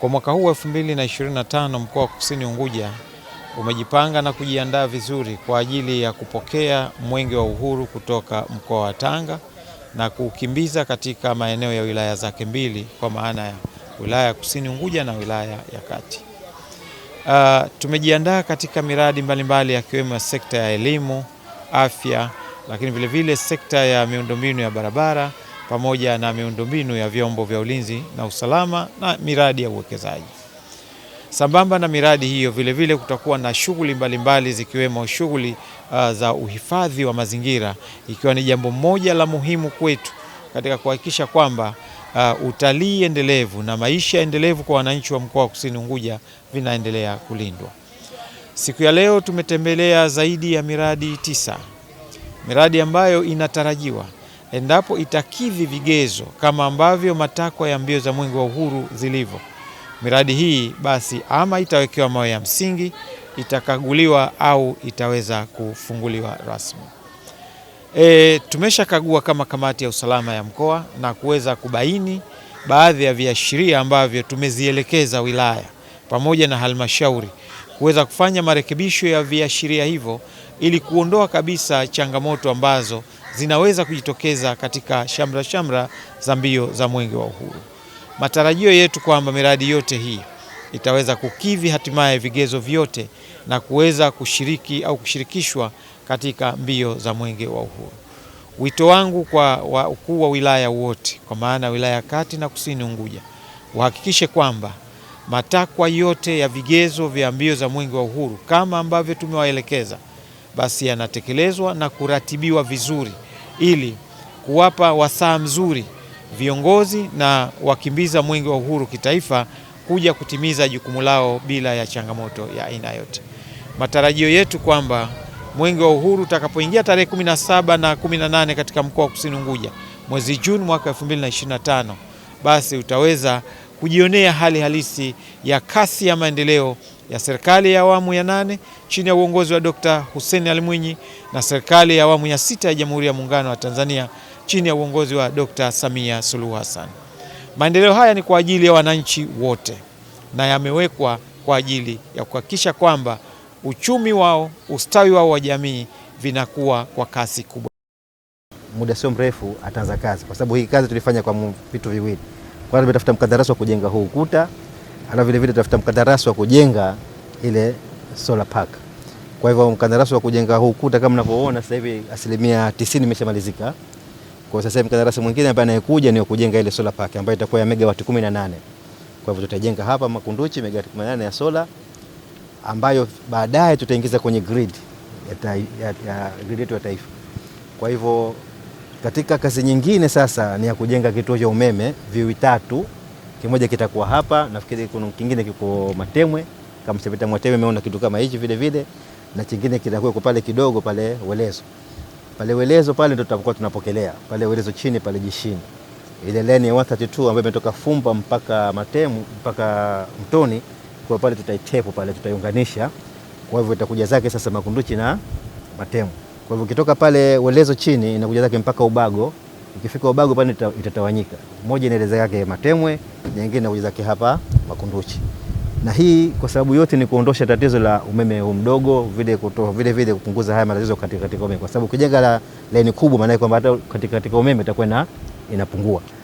Kwa mwaka huu 2025 mkoa wa Kusini Unguja umejipanga na kujiandaa vizuri kwa ajili ya kupokea mwenge wa uhuru kutoka mkoa wa Tanga na kuukimbiza katika maeneo ya wilaya zake mbili kwa maana ya wilaya ya Kusini Unguja na wilaya ya Kati. Uh, tumejiandaa katika miradi mbalimbali yakiwemo ya sekta ya elimu, afya, lakini vilevile vile sekta ya miundombinu ya barabara pamoja na miundombinu ya vyombo vya ulinzi na usalama na miradi ya uwekezaji. Sambamba na miradi hiyo, vilevile kutakuwa na shughuli mbalimbali zikiwemo shughuli uh, za uhifadhi wa mazingira, ikiwa ni jambo moja la muhimu kwetu katika kuhakikisha kwamba uh, utalii endelevu na maisha endelevu kwa wananchi wa mkoa wa Kusini Unguja vinaendelea kulindwa. Siku ya leo tumetembelea zaidi ya miradi tisa, miradi ambayo inatarajiwa endapo itakidhi vigezo kama ambavyo matakwa ya mbio za mwenge wa uhuru zilivyo, miradi hii basi ama itawekewa mawe ya msingi, itakaguliwa au itaweza kufunguliwa rasmi. E, tumeshakagua kama kamati ya usalama ya mkoa na kuweza kubaini baadhi ya viashiria ambavyo tumezielekeza wilaya pamoja na halmashauri kuweza kufanya marekebisho ya viashiria hivyo ili kuondoa kabisa changamoto ambazo zinaweza kujitokeza katika shamra shamra za mbio za Mwenge wa Uhuru. Matarajio yetu kwamba miradi yote hii itaweza kukidhi hatimaye vigezo vyote na kuweza kushiriki au kushirikishwa katika mbio za Mwenge wa Uhuru. Wito wangu kwa wakuu wa wilaya wote, kwa maana wilaya ya Kati na Kusini Unguja, wahakikishe kwamba matakwa yote ya vigezo vya mbio za Mwenge wa Uhuru kama ambavyo tumewaelekeza basi yanatekelezwa na kuratibiwa vizuri ili kuwapa wasaa mzuri viongozi na wakimbiza mwenge wa uhuru kitaifa kuja kutimiza jukumu lao bila ya changamoto ya aina yote. Matarajio yetu kwamba mwenge wa uhuru utakapoingia tarehe 17 na 18 katika mkoa wa Kusini Unguja mwezi Juni mwaka 2025, basi utaweza kujionea hali halisi ya kasi ya maendeleo ya serikali ya awamu ya nane chini ya uongozi wa Dkt. Hussein Ali Mwinyi na serikali ya awamu ya sita ya Jamhuri ya Muungano wa Tanzania chini ya uongozi wa Dkt. Samia Suluhu Hassan. Maendeleo haya ni kwa ajili ya wananchi wote na yamewekwa kwa ajili ya kuhakikisha kwamba uchumi wao, ustawi wao wa jamii vinakuwa kwa kasi kubwa. Muda sio mrefu ataanza kazi, kwa sababu hii kazi tulifanya kwa vitu viwili. Kwanza tumetafuta mkandarasi wa kujenga huu ukuta hata vile vile tutafuta mkandarasi wa kujenga ile solar park. Kwa hivyo mkandarasi wa kujenga huu ukuta kama mnavyoona sasa hivi asilimia 90 imeshamalizika. Kwa sasa hivi mkandarasi mwingine ambaye anayekuja ni wa kujenga ile solar park ambayo itakuwa ya megawati 18. Kwa hivyo tutajenga hapa Makunduchi megawati 18 ya solar ambayo baadaye tutaingiza kwenye grid ya, ta, ya, ya grid yetu ya taifa. Kwa hivyo katika kazi nyingine sasa ni ya kujenga kituo cha umeme viwili tatu kimoja kitakuwa hapa, nafikiri kuna kingine kiko Matemwe, kama sepeta Matemwe umeona kitu kama hichi vile vile, na kingine kitakuwa kwa pale kidogo pale Welezo. Pale Welezo pale ndio tutakuwa tunapokelea. Pale Welezo chini pale jishini. Ile leni ya 132 ambayo imetoka Fumba mpaka Matemwe mpaka Mtoni kwa pale tutaitepo pale tutaiunganisha. Kwa hivyo itakuja zake sasa Makunduchi na Matemwe. Kwa hivyo ukitoka pale Welezo chini inakuja zake mpaka Ubago Ikifika Ubago pale itatawanyika, moja inaeleza yake Matemwe, nyingine inakuja zake hapa Makunduchi, na hii kwa sababu yote ni kuondosha tatizo la umeme huu mdogo, vile kutoa vile vile kupunguza haya matatizo katika, katika umeme, kwa sababu ukijenga laini kubwa, maana kwamba hata katika, katika umeme itakuwa inapungua.